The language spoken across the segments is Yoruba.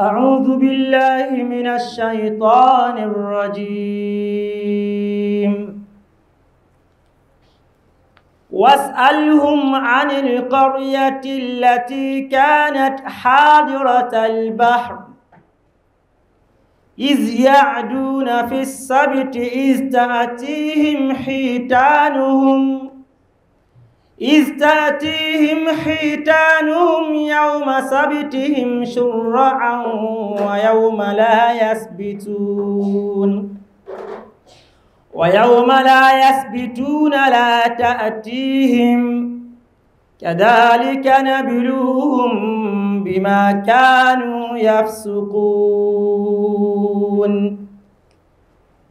أعوذ بالله من الشيطان الرجيم واسألهم عن القرية التي كانت حاضرة البحر إذ يعدون في السبت إذ تأتيهم حيتانهم إذ تأتيهم حيتانهم يوم سبتهم شرعا ويوم لا يسبتون ويوم لا يسبتون لا تأتيهم كذلك نبلوهم بما كانوا يفسقون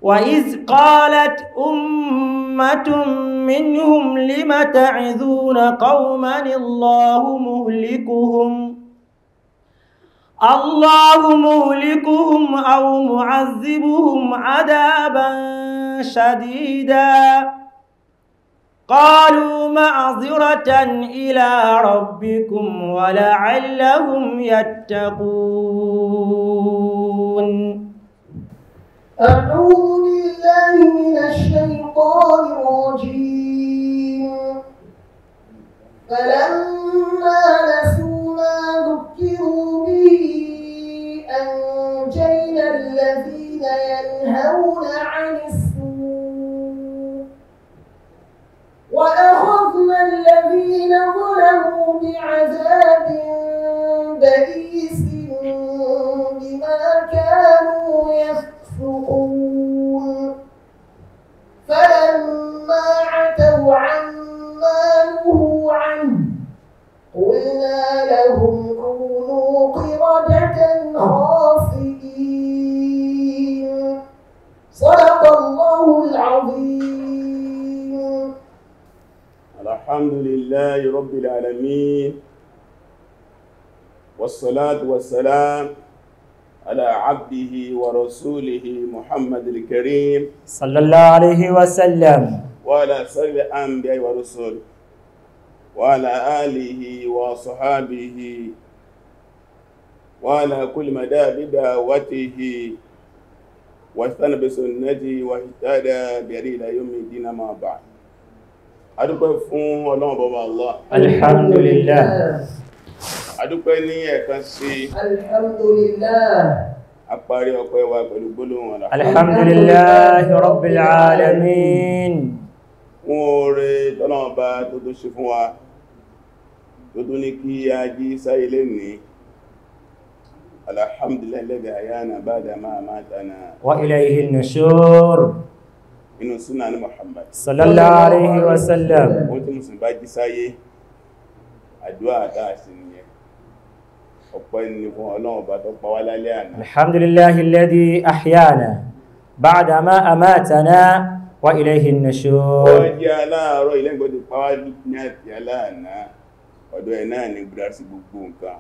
وإذ قالت أمة منهم لم تعذون قوما الله مهلكهم الله مهلكهم أو معذبهم عذابا شديدا قالوا معذرة إلى ربكم ولعلهم يتقون أعوذ بالله من الشيطان الرجيم فلما نسوا ما ذكروا به أنجينا الذين ينهون عن السوء وأخذنا الذين ظلموا بعذاب بئيس بما كانوا يفعلون يفسقون فلما عتوا عما نهوا عنه قلنا لهم كونوا قردة خاسئين صدق الله العظيم الحمد لله رب العالمين والصلاة والسلام على عبده ورسوله محمد الكريم صلى الله عليه وسلم وعلى سائر الأنبياء والرسل وعلى آله وصحابه وعلى كل مدى بدعوته واستنى بسنته واهتدى بهديه إلى يوم الدين ما بعد adúpẹ́ fún Ọlọ́run baba Allah adúpẹ́ ní ẹ̀kan sí alhamdulillah apari ọpẹ́ wa pẹ̀lú gbólóhùn ọ̀la alhamdulillah rabbil alamin wọn oore tọ́lọ́ọ̀bá tó tó ṣe fún wa tó tó ní kí a jí sáyé lè ní alhamdulillah alladhi ahyana ba'da ma amatana wa ilayhi Muhammad sallallahu alaihi wasallam wọ́n tí musulmi bá jí sáyé àdúwà àtàṣì ni الحمد لله الذي أحيانا بعد ما pa wá النشور. àná. alhamdulillahi alladhi ahyana ba'da ma ọ̀dọ̀ ẹ̀ náà ní gbúdá sí gbogbo nǹkan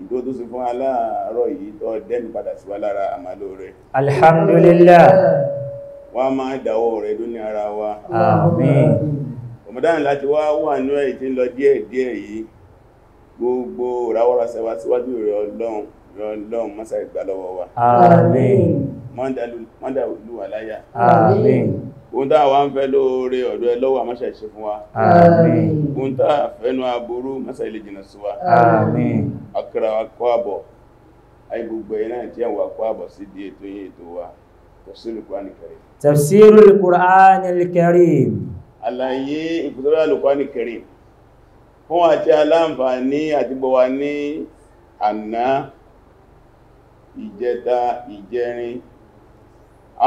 ìdó tó sì fún aláàárọ̀ yìí tó dẹ́nu padà sí wá lára àmàlò rẹ̀. alhamdulillah. wọ́n a máa dáwọ́ rẹ̀ lóní ara wa. àmín. láti wá wà ní ẹ̀ tí ń lọ díẹ̀ díẹ̀ yìí gbogbo ìràwọ̀rọ̀sẹ̀ wa síwájú rẹ̀ ọlọ́run rẹ̀ ọlọ́run mọ́sá ìgbà lọ́wọ́ wa àmín mọ́ndàlú aláyà àmín ohun tàà wá ń fẹ́ lóore ọ̀dọ̀ ẹ lọ́wọ́ àmọ́ṣà ìṣe fún wa àmín ohun tàà fẹ́nu aburú mọ́sá ilé jìnà sí wa àmín akẹ́rà wa kọ́ àbọ̀ àìgbogbo ẹ̀ náà tí àwọn akọ́ àbọ̀ sí di ètò yìí ètò wa tafsirul Qur'anil Karim tafsirul Qur'anil fún àti aláǹfààní àdìgbò wa ní àná ìjẹta ìjẹrin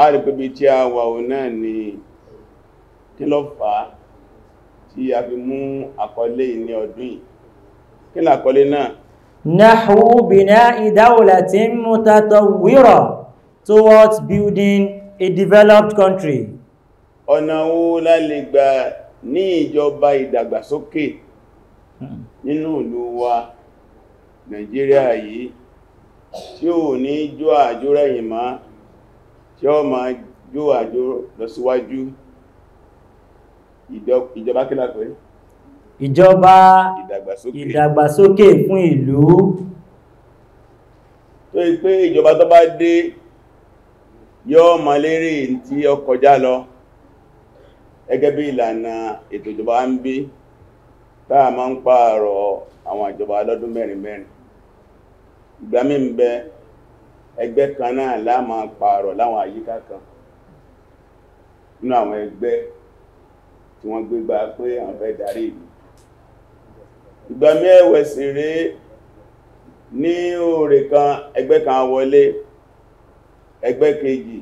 a rí pẹ́bí tí a wà ò náà ni kí ló fà á tí a fi mú àkọlé ní ọdún yìí kí ni àkọlé náà nahwu bina'i dawlatin mutatawwira towards building a developed country ọ̀nà wo la lè gbà ní ìjọba ìdàgbàsókè so nínú ìlú wa Nàìjíríà yìí tí ò ní jó àjò rẹ̀yìn má tí ó máa jó àjò lọ síwájú ìjọba kí la pè ìjọba ìdàgbàsókè fún ìlú tó yí pé ìjọba tó bá dé yóò mọ lérí tí ó kọjá lọ gẹ́gẹ́ bí ìlànà ètò ìjọba ń bí tá a máa ń pààrọ̀ àwọn ìjọba lọ́dún mẹ́rin mẹ́rin ìgbà mi ń bẹ ẹgbẹ́ kan náà la máa pààrọ̀ láwọn àyíká kan nínú àwọn ẹgbẹ́ tí wọ́n gbégbá pé àwọn fẹ́ darí ìlú ìgbà mi ẹ̀wẹ̀ sì rí ní òòrè kan ẹgbẹ́ kan wọlé ẹgbẹ́ kejì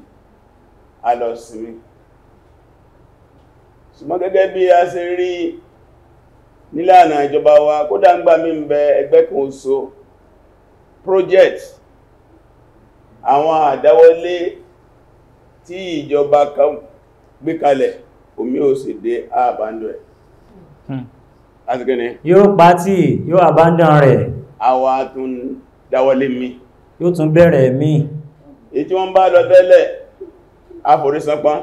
a lọ sinmi ṣùgbọ́n gẹ́gẹ́ bí a ṣe rí nílànà ìjọba wa kódà ń gbà mí ń bẹ ẹgbẹ́ kan project àwọn àdáwọlé tí ìjọba kan gbé kalẹ̀ omi ò sì dé àbándọ̀ ẹ̀ hmm. láti gẹ́ni re. yóò àbándọ̀ rẹ̀ dáwọlé mi yóò tún bẹ̀rẹ̀ mi èyí tí wọ́n bá lọ tẹ́lẹ̀ àforísánpán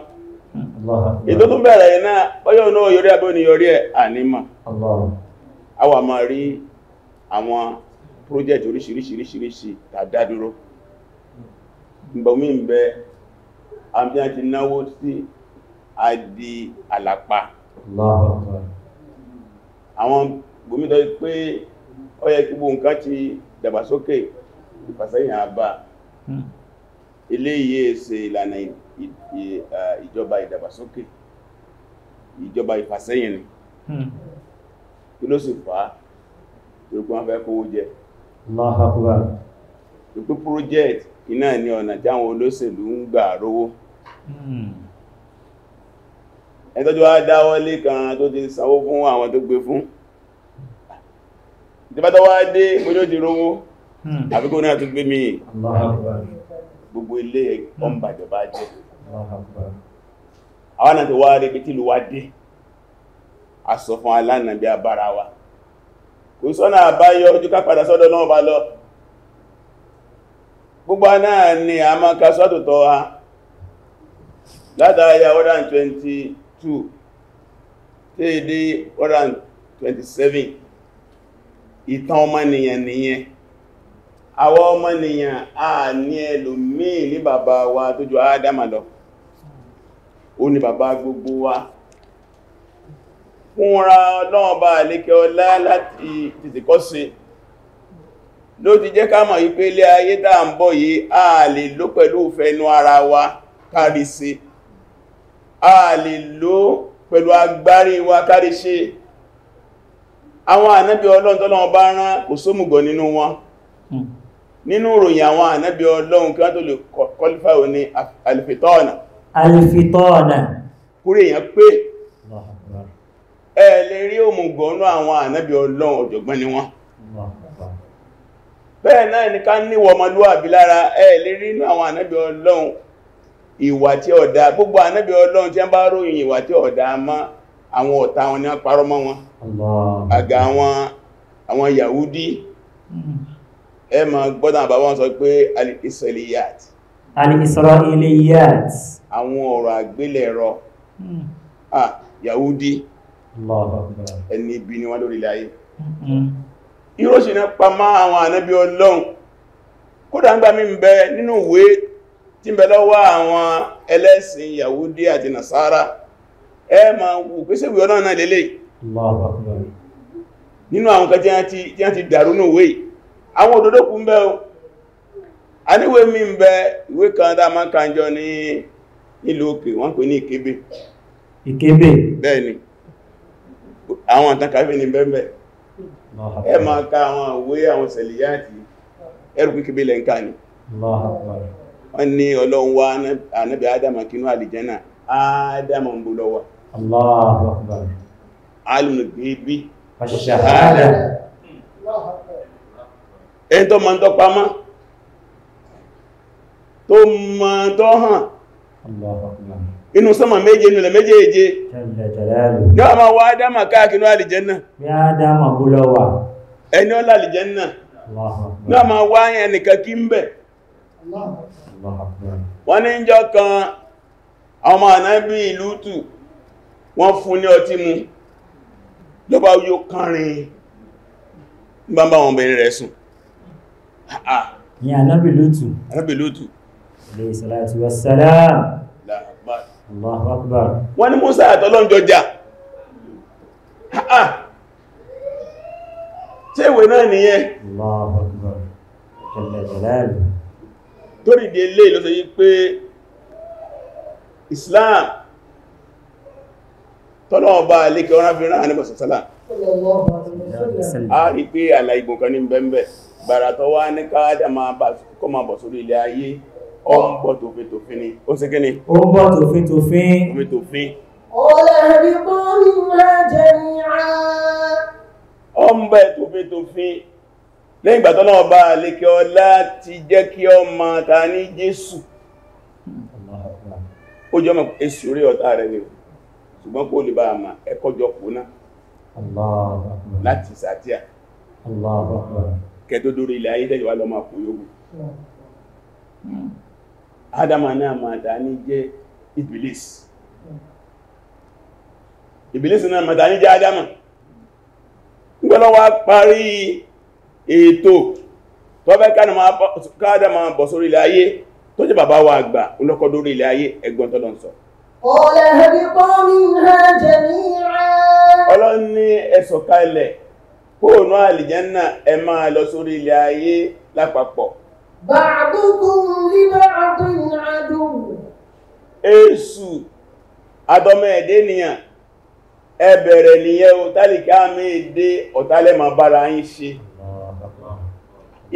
hmm, ètò tún bẹ̀rẹ̀ yẹn náà ọjọ́ náà yọrí a wà máa rí àwọn project oríṣiríṣiríṣiríṣi tàdádúró gbọmí ń bẹ àmì àti náwó sí àdí àlàpà àwọn gbòmítọ́ pé ó yẹ kí gbogbo nǹkan ti dàgbàsókè ìfàsẹ́yìn àbá hmm. eléyìí ṣe ìlànà ìjọba ìdàgbàsókè ìjọba ìfàsẹ́yìn ni hmm. kí ló sì fà á tó gbọ́n fẹ́ kówó project iná ní ọ̀nà tí olóṣèlú ń gbà rówó hmm. ẹ̀tọ́jú wá kan tó ti fún àwọn tó gbé fún ìjọbátọ́ wá dé ti rówó hmm. náà tó gbogbo ilé ọmbàjọba jẹ́ àwọn àti wá rí tí asọ̀fún alánà bí abára wa kò sọ́nà àbáyọ ojú ká padà sọ́dọ̀ náà bá lọ gbogbo náà ni a máa ka sọ́tò tọ́ ha látara ya 122 tí èdè 127 ìtàn ọmọnìyàn nìyẹn àwọn ọmọnìyàn a ní ẹlòmíì ní bàbá wa tó jù ádámà lọ ó ní bàbá gbogbo wa fúnra ọlọ́run bá lékẹ ọlá láti tìtìkọ́ ló ti jẹ́ ká mọ̀ ilé ayé à ń bọ̀ yìí a lè ló pẹ̀lú inú ara wa kárí sí a lè ló pẹ̀lú agbárí wa kárí àwọn ànábí ọlọ́run kúrò èèyàn pé ẹ lè rí òmùgọ̀nú àwọn ànábì ọlọ́run ọ̀jọ̀gbọ́n ni wọ́n bẹ́ẹ̀ náà ní ká níwọ̀ ọmọlúwàbí lára ẹ lè rí inú àwọn ànábì ọlọ́run ìwà tí ọ̀dá gbogbo ànábì ọlọ́run tí wọ́n bá ròyìn ìwà tí ọ̀dá àwọn ọ̀tá wọn ni wọ́n wọn ẹni ibi ni wọ́n lórí láyé ìrọ́ṣì mm-hmm. náà pa máa àwọn ànábí ọlọ́run kódà ń gbà mí ń bẹ nínú ìwé tí ń bẹ lọ́wọ́ àwọn ẹlẹ́sìn Yahudi àti Nasara ẹ ma wò pé ṣé ìwé náà lélẹ̀ nínú àwọn kan tí a ti dàrú ní ìwé àwọn òdòdó kú ń bẹ o a níwé mi ń bẹ ìwé kan dá máa kànjọ ní ìlú òkè wọ́n pè ní ìkébé ìkébé àwọn àtàkàwé ní bẹ́ẹ̀bẹ̀ ẹ máa ka àwọn àwé àwọn sẹ̀lìyàtì ẹrù kíkébé ni wọ́n ní ọlọ́run wá ànábì kínú àlìjẹ́nà ádámà ń bú lọ́wọ́ alùmùgbébí inú sánmà méje nílẹ̀ méjèèje yóò máa wá dámà káàkiri alìjẹ́nà ẹni ọlá alìjẹ́nà náà máa wa. yẹn kí ń bẹ̀ wọ́n ní jọ kan ọmọ ànábí ìlú tù wọ́n fún ní ọtí mu lọ́bá yóò kánrin bàbá wọn bẹ̀rẹ̀ rẹ̀ sùn ni lótù ànábí lótù alayhi salatu wọ́n ní Musa àtọ́lọ́njọjà tí ìwé náà nìyẹn torí di ilé ló sọ yí pé Islam tọ́lọ́ọ̀bá alékẹ́ ọ̀rán fi rán àníbọ̀ sọ̀sọ́lá a rí pé àlà ìgbòkan ní bẹ̀m̀bẹ̀ gbàrà tọ́wá ní káádà máa bọ̀ sórí ilé ayé ó ń bọ́ tòfin tòfin ni ó sì kí ni ó ń bọ́ tòfin tòfin omi tòfin ó lẹ́rí bọ́ ní máa jẹ ní àá ó ń bẹ́ tòfin tòfin lẹ́yìn ìgbà tọ́nà ọba àlékẹ́ ọlá ti jẹ́ kí ọmọ ta ní Jésù ó jọ mọ̀ èsì orí ọ̀tá rẹ̀ ni ṣùgbọ́n kó lè bá àmà ẹkọ́jọ kò náà láti sàtíà kẹtọ́dórí ilẹ̀ ayé tẹ́jọ wà lọ máa kò yóò hmm adama náà màdání jẹ́ ibilis ibilis náà màdání jẹ́ adama gbọ́lọ́wà parí ètò tó bẹ́ káàdàmà bọ̀ sórí ilẹ̀ ayé tó jẹ́ bàbá wa àgbà olókọ́dórí ilẹ̀ ayé ẹgbọ́n tọ́lọ́ sọ ọlọ́run ní ẹ sọ̀kalẹ̀ kóònú àlìjẹ́nà ẹ máa lọ sórí ilẹ̀ ayé lápapọ̀ بعضكم لبعض عدو Èṣù adọ́mọ ẹ̀dẹ́ nìyàn ẹbẹ̀rẹ̀ nìyẹn o àmì èdè ọ̀tálẹ̀ ma bára ṣe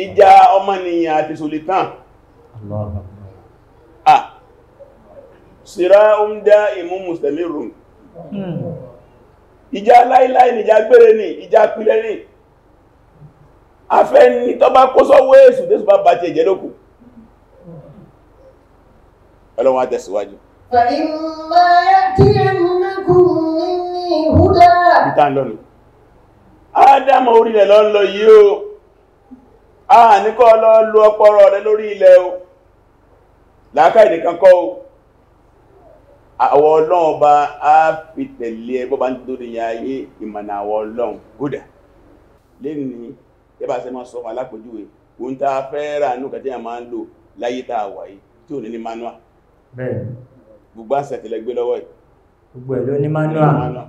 ìjà Ọmaniyan àti solitan à síra ìmú mùsùlùmí rùn ìjà hmm. láíláí nìjà gbére ní ìjà pílẹ̀ afẹ́ ní tọ́ bá kó sọ́wọ́ èsù tẹ́sù bá bá ti ẹ̀jẹ́ lókù ọlọ́wọ́n àtẹ̀síwájú Ádámù orílẹ̀ lọ lọ yìí o, a níkọ́ lọ lú ọpọrọ rẹ lórí ilẹ̀ o, láàká ìdíkan kọ́ o, àwọ ọlọ́run bá a fi tẹ̀lé ẹgbọ́ bá ń tó ní ayé ìmọ̀nà àwọ ọlọ́run, gúdà, lè ní yẹ́bà sẹ́ máa sọ wọn alápòjúwe ohun tá a fẹ́ rà ní kàtí àmà ń lò láyé tá a wà yìí tí ò ní ní manual bẹ́ẹ̀ gbogbo àṣẹ tẹ́lẹ̀ gbé lọ́wọ́ yìí gbogbo ẹ̀ ló ní manual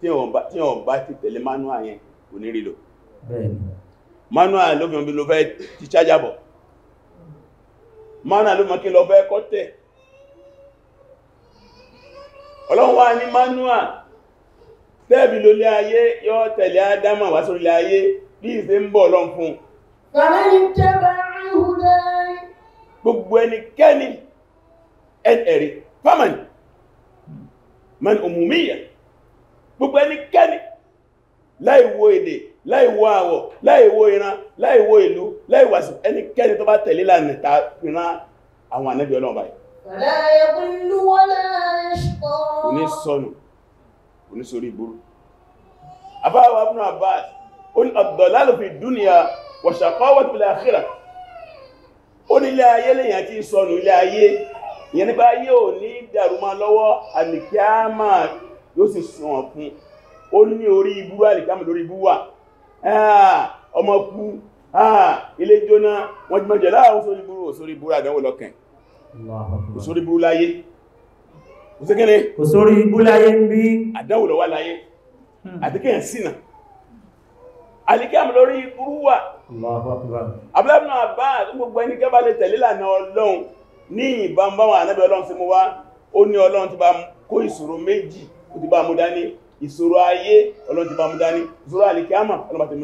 tí wọ́n bá ti tẹ̀lé manual yẹn kò ní rí lò bẹ́ẹ̀ manual ló fi hàn bí lo fẹ́ ti ṣájàbọ̀ manual ló mọ́ kí lọ fẹ́ kọ́ tẹ̀ ọlọ́run wá tẹ́ẹ̀bì lólé ayé yọ́ tẹ̀lé ádámà wá sórí ayé bí ìṣe ń bọ̀ lọ́n fún ẹnikẹ́ni ẹ̀rì fámàní man òmùmíyà gbogbo ẹnikẹ́ni láìwo èdè láìwo àwọ̀ láìwo ìran láìwo ìlú láìwàsù ẹnikẹ́ni tó bá onísorí ìbúrú àbáwà ibn Abbas ad-dalalu fi dunya wa shaqawatu fil akhirah ó ní ilé ayé lèyàn ti sọnù ilé ayé ìyẹn nípa ayé ò ní dàrúmọ́ lọ́wọ́ àlìkíámà yóò sì sàn fún ó ní orí ibúrú àlìkíámà lórí ibú wà ọmọ kú ilé jóná wọ́n jùmọ̀ jẹ̀ láàrùn sórí ibúrú òsórí ibúrú àdánwò lọ́kàn òsórí ibúrú láyé kò sí kíni kò sórí ibú láyé ń bí àdáwò ló wà láyé àti kíyàn sínà alìkíyàmù lórí burú wà abúlábùnà bá gbogbo ẹni kẹba lè tẹ̀lé lànà ọlọ́run ní ìbámbáwọn ànábì ọlọ́run sí mú wá ó ní ọlọ́run ti bá kó ìṣòro méjì ó ti bá mú dání ìṣòro ayé ọlọ́run ti bá mú dání ìṣòro alìkíyàmù ọlọ́run ti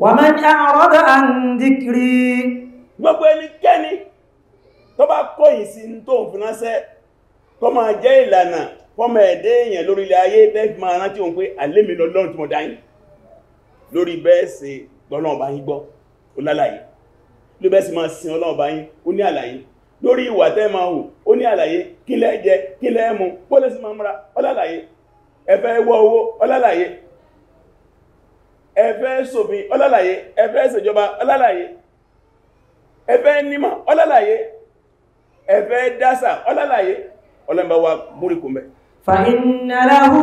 ومن أعرض عن ذكري gbogbo ẹnikẹ́ni tó bá kọ̀yìn sí tó ń fínánṣẹ́ tó máa jẹ́ ìlànà fọ́mọ ẹ̀dẹ́ èèyàn lórí ilẹ̀ ayé bẹ́ẹ̀ máa rántí òun pé àlémi lọ́lọ́run tí mo dáyìn lórí bẹ́ẹ̀sì lọ́lọ́run bá yín gbọ́ ó lálàyé lórí bẹ́ẹ̀sì máa sin ọlọ́run bá yín ó ní ẹfẹ́ sòbí ọlálàyé ẹfẹ́ ṣèjọba ọlálàyé ẹfẹ́ nímọ̀ ọlálàyé ẹfẹ́ dásà ọlálàyé ọlọ́mbà wa múrikù mẹ́ fa'inna lahu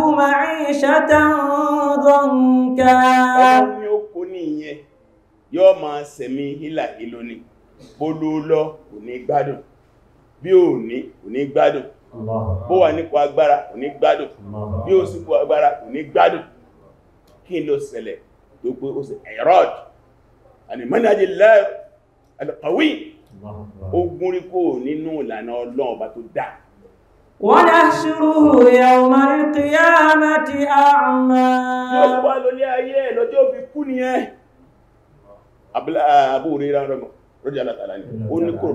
gbádùn bí ò ní kò gbádùn bó wà nípò agbára kò gbádùn bí ó sípò agbára kò gbádùn kí ló ṣẹlẹ̀ tó pé ó sì erod ànìmọ́nájì lẹ́ẹ̀kọ̀wí ogun rí kò nínú ìlànà ọlọ́run ọba tó dá wọ́n dá ṣúrú yawma al-qiyamati a'ma yóò wá lórí ayé lọ́jọ́ fi kú ah, ní ẹ́ àbúrí ránrọ̀mọ̀ rọ́jọ́ ní kòrò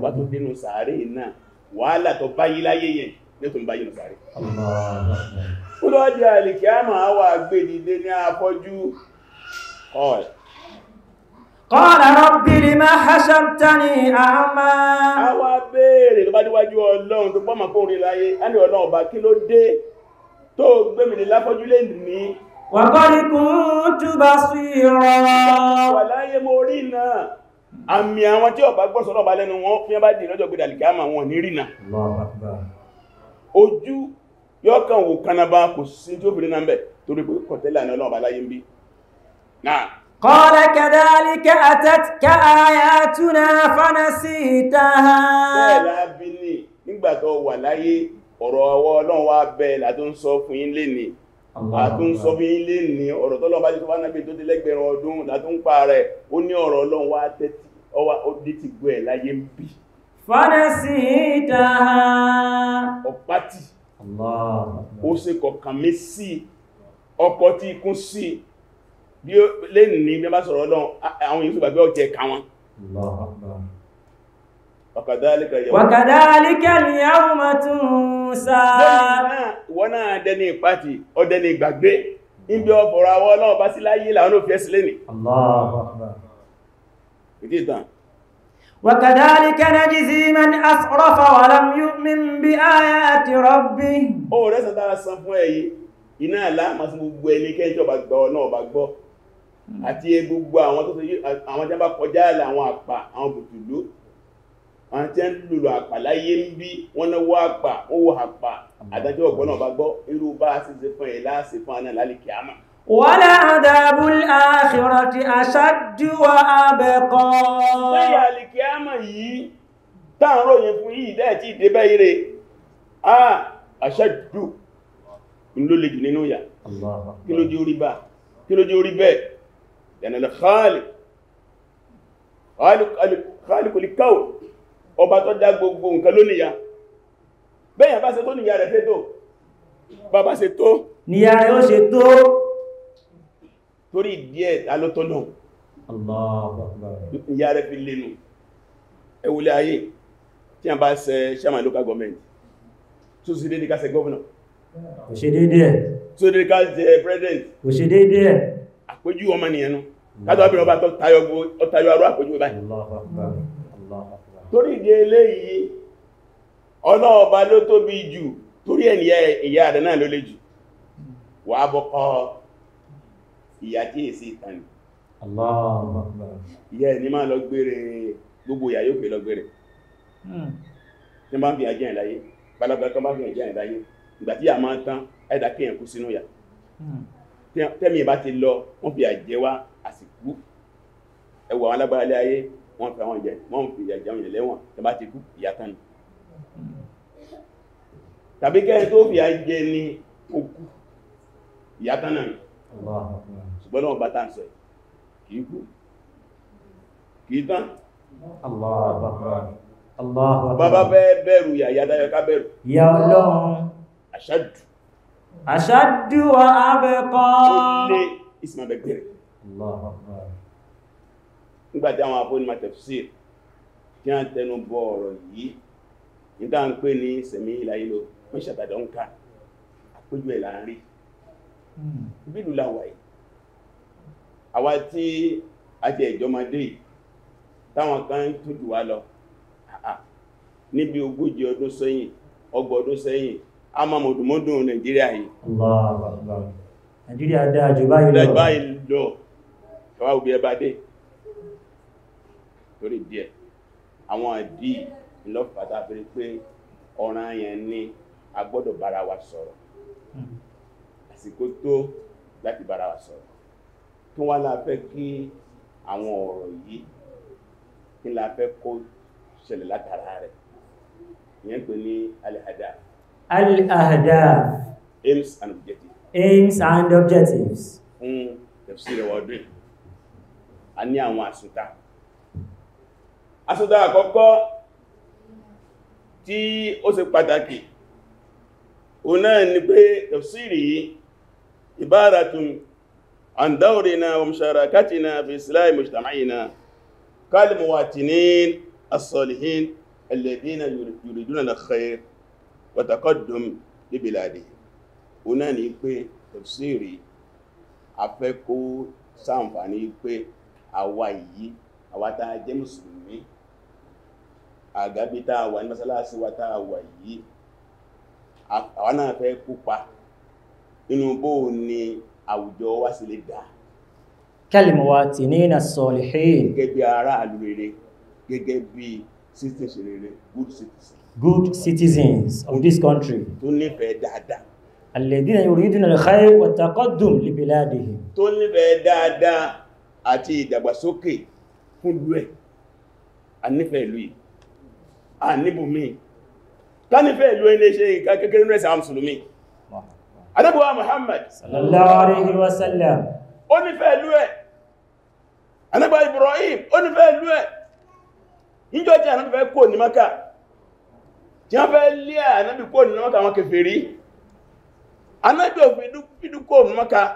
قال قال رب لما حشرتني أعمى àwa béèrè tó bá níwájú ọlọ́run tó pọ́ màkó rí láyé á ní ọlọ́run ọba kí ló dé tó gbẹ́mìnì lápọ́jú lè ní wàkọ́lì kuntu basira wà láyé mo rí náà àmì àwọn tí ọba gbọ́sọ̀ náà bá lẹ́nu wọn fíẹ́ bá dì lọ́jọ́ gbẹ̀dà lìkà àmà wọn ní rí náà ojú yọ́kàn wò kanaba kò sí tí ó fi rí náà bẹ̀ torí pé kọ̀tẹ́lẹ̀ àná ọlọ́run ọba láyé ń bí نعم قال كذلك أتتك آياتنا فنسيتها bẹ́ẹ̀ la bí ni ọ̀rọ̀ ọwọ́ ọlọ́run wá sọ fún yín lénìí a tó sọ fún yín lénìí ọ̀rọ̀ tó lọ́ba tó bá náà tó dé lẹ́gbẹ̀rún ọdún la pa rẹ̀ ó ní ọ̀rọ̀ bí ó lẹ́nì ní bí a bá sọ̀rọ̀ ọlọ́run àwọn yìí gbàgbé ọjẹ́ ká wọn wàkàdálíkà ni a mú ma tún sáà wọ́n náà dẹni ìpàtì ọdẹni ìgbàgbé níbi ọ̀pọ̀rọ̀ àwọ́ ọlọ́run bá sí láyé láwọn òfin ẹ̀sì lẹ́nì وكذلك نجزي من أسرف ولم يؤمن بآيات ربه ó rẹ́sẹ̀ dára san fún èyí iná àlá ma sí gbogbo ẹni kẹ́ńtọ́ Hmm. àti gbogbo àwọn tó sojú àwọn jẹ́ bá kọjá àlà àwọn àpà àwọn bùtùlú àwọn tí ń lùlù àpà láyé ń bí wọ́n náwó àpà ó wọ àpà àdájọ́ ọ̀gbọ́n náà bá gbọ́ irú bá sì ṣe fún ẹ̀ láàṣì fún àná lálìkì àmà wala adabul akhirati ashaddu wa abqa lẹ́yìn àlìkì àmà yìí táàrọ̀ yẹn fún yìí dẹ́ẹ̀ tí ìdébẹ̀ ire ah ashaddu ló le jù nínú yà kí ló jẹ́ orí bẹ́ẹ̀ lẹ́nà lè khaliq khaliq lè káwò ọba tó dá gbogbo nǹkan lónìyà bẹ́yà bá ṣe tó níyà rẹ̀ fẹ́tò bàbá ṣe tó níyà rẹ̀ ó ṣe tó torí díẹ̀ alótọ́nà ìyà rẹ̀ fi lẹ́nu ẹwùlẹ̀ ayé tí a bá ṣe chairman local government tó sì dédé ká ṣe governor kò ṣe dédé ẹ̀ tó dédé ká ṣe president kò ṣe dédé ẹ̀ àpéjú ọmọ nìyẹnu kájọ́ bí ọba tó tayọ arú àpójú báyìí torí ìdí eléyìí ọ̀nà ọba ló tóbi jù torí ẹ̀nìyà ìyá àdá náà ló lè jù wà bọ́kọ́ ìyà tí è sí ìtàní ìyà ẹni máa lọ gbére gbogbo ìyà yóò pè lọ gbére hmm. tí bá ń fi àjẹ́ ìláyé balagbà kan bá fi àjẹ́ ìláyé ìgbà tí a máa tán ẹ̀dà kíyàn kú sínú yà hmm. tẹ́mi ìbá ti lọ wọ́n fi àjẹ́ wá kú ẹwà àwọn alágbára ilé ayé wọ́n fi àwọn ìjẹ wọ́n fi ìyà jẹun ìlẹ́wọ̀n tó ti kú ìyà kan ni tàbí kẹ́rin tó fi àjẹ ní okú ìyà kan náà ṣùgbọ́n lọ́wọ́ bá tàn sọ kìí kú kìí tán bàbá fẹ́ bẹ̀rù ìyà dáyọ ká bẹ̀rù ìyà ọlọ́run àṣádù àṣádù wa abẹ́kọ́ ó lé ìsìnàbẹ̀gbẹ̀rẹ̀ nígbà tí àwọn afọ́nimọ̀ tafsir tí a ń tẹnu bọ ọ̀rọ̀ yìí ní tá à ń pè ní sẹ̀mí ìlàyé ló wọ́n ṣàtàdọ̀ ń ká àpéjú ẹ̀ láàárín hmm. bílù láwàáyé àwa tí a ti ẹ̀jọ́mọdé táwọn kan tó jù wá lọ níbi ogójì ọdún sẹ́yìn ọgbọ̀n ọdún sẹ́yìn a máa mọ̀dùmọ́dùn Nàìjíríà yìí Nàìjíríà dáa jù báyìí lọ káwá òbí ẹba dé torí díẹ̀ àwọn ìdí ìlọ́pàá bẹ̀rẹ̀ pé ọ̀ràn yẹn ni a gbọ́dọ̀ bára wa sọ̀rọ̀ àsìkò tó láti bára wa sọ̀rọ̀ tó wá la fẹ́ kí àwọn ọ̀rọ̀ yìí kí la fẹ́ kó ṣẹlẹ̀ látara rẹ̀ ìyẹn pè ní alihada alihada aims and objectives aims and objectives fún tẹ̀sílẹ̀ wọ́dún a ní àwọn àsùtá àsùtá àkọ́kọ́ tí ó ṣe pàtàkì òun náà ni pé tafsiri yìí ibaratun an dawrina wa musharakatina fi islahi mujtama'ina kal muwatinin as-salihin alladhina yuriduna al-khair wa taqaddum li biladihim náà ni pé tafsiri afẹ́kó ṣàǹfààní pé àwa yìí àwa tá a jẹ́ mùsùlùmí àgábí tá a wà ní mọ́sálásí wa tá a wà yìí àwa náà fẹ́ kópa nínú bó ni àwùjọ wa sì lè dà kalmuwatinina salihin gẹ́gẹ́ bí aráàlú rere gẹ́gẹ́ bí citizens rere good citizens good citizens of this country tó nífẹ̀ẹ́ dáadáa alladhina yuriduna al-khayr wa taqaddum li biladihim tó nífẹ̀ẹ́ dáadáa àti ìdàgbàsókè fún ìlú ẹ̀ a nífẹ̀ẹ́ ìlú yìí a níbùmí ká nífẹ̀ẹ́ ìlú ilé ṣe ìkà kékeré rẹ̀ sáà mùsùlùmí adébúwá Muhammad sallallahu alaihi wasallam ó nífẹ̀ẹ́ ìlú ẹ̀ anábà Ibrahim ó nífẹ̀ẹ́ ìlú ẹ̀ níjọ́ tí anábì fẹ́ kó ní Mákà tí wọ́n fẹ́ lé anábì kó ní Mákà wọn kèfèrí anábì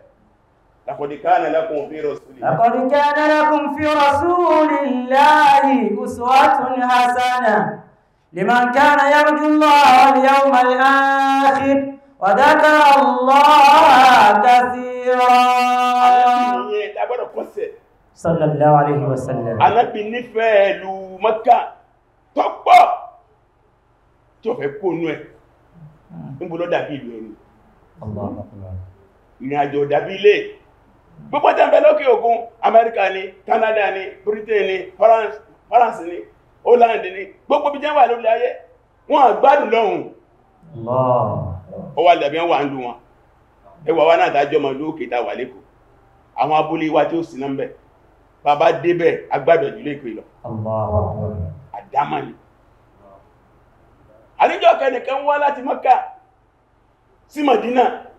لقد كان لكم في رسول الله لقد كان لكم في رسول الله أسوة حسنة لمن كان يرجو الله اليوم الآخر وذكر الله كثيرا صلى الله عليه وسلم أنا بنفعل مكة تقبى تفكون نقول دابي الله أكبر إن أجو دابي ليه gbogbo tẹ́ bẹ lókè òkun Amẹ́ríkà ni Canada ni Britain ni France France ni Holland ni gbogbo bí jẹ́ wà lórí ayé wọ́n gbádùn lọ́hùn ó wà lẹ́bí wà ń lú wọn ẹwà wá náà dájọ́ mọ̀ lókè tá wà lẹ́kù àwọn abúlé wa tí ó sì náà bẹ̀ bàbá débẹ̀ agbádọ̀ jùlé ìpè lọ àdámàlì àríjọ́ kẹ́nìkan wá láti Mọ́kà sí Mọ̀dínà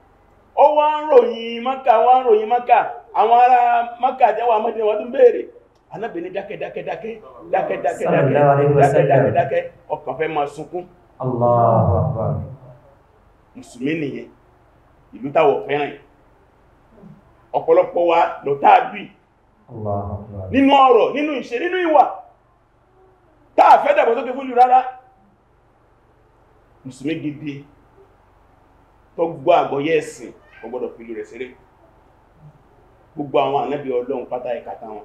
ó wá ń ròyìn maka wá ń ròyìn maka àwọn ará maka àtẹwà mọ́dínà wọ́n tún béèrè anábìnrin dákẹ́ dákẹ́ ọkàn fẹ́ máa sunkún Allahu nìyẹn ìlú táwọ̀ fẹ́ràn ọ̀pọ̀lọpọ̀ wa lọ táàbí nínú ọ̀rọ̀ nínú nínú ìwà táà fẹ́ fún gidi tó gbọ́ kò gbọ́dọ̀ fi ìlú rẹ̀ ṣeré gbogbo àwọn ànábì ọlọ́run pátá ẹ̀kàtà wọn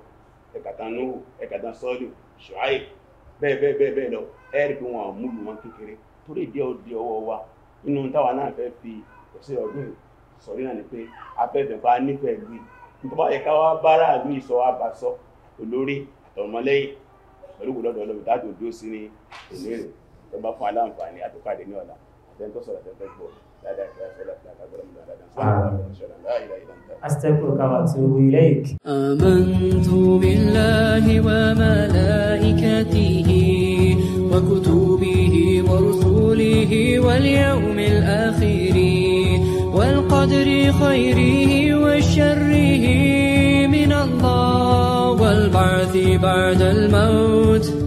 ẹ̀kàtà nóhù ẹ̀kàtà sọ́ọ̀lù ṣùáì bẹ́ẹ̀ bẹ́ẹ̀ bẹ́ẹ̀ bẹ́ẹ̀ lọ ẹ̀rì pé wọn àmúlù wọn kékeré torí ìdí ọdí ọwọ́ wa inú táwa náà fẹ́ fi ọ̀sẹ̀ ọdún sọ̀rí náà ni pé afẹ́fẹ́ bá nífẹ̀ẹ́ ìlú nítorí wáyé ká wá bára ìlú ìsọ abasọ olórí àtọ̀mọlẹ́yìn pẹ̀lú gbọdọ̀ ọlọ́run táàtò dúró sí ní ìlérè tó bá fún aláǹfààní àtọ́kàdé ní ọ̀la àtẹ́ńtọ́sọ̀rọ̀ àtẹ́ńtọ́gbọ̀ọ́ أستغفرك وأتوب إليك آمنت بالله وملائكته وكتبه ورسله واليوم الآخر والقدر خيره وشره من الله والبعث بعد الموت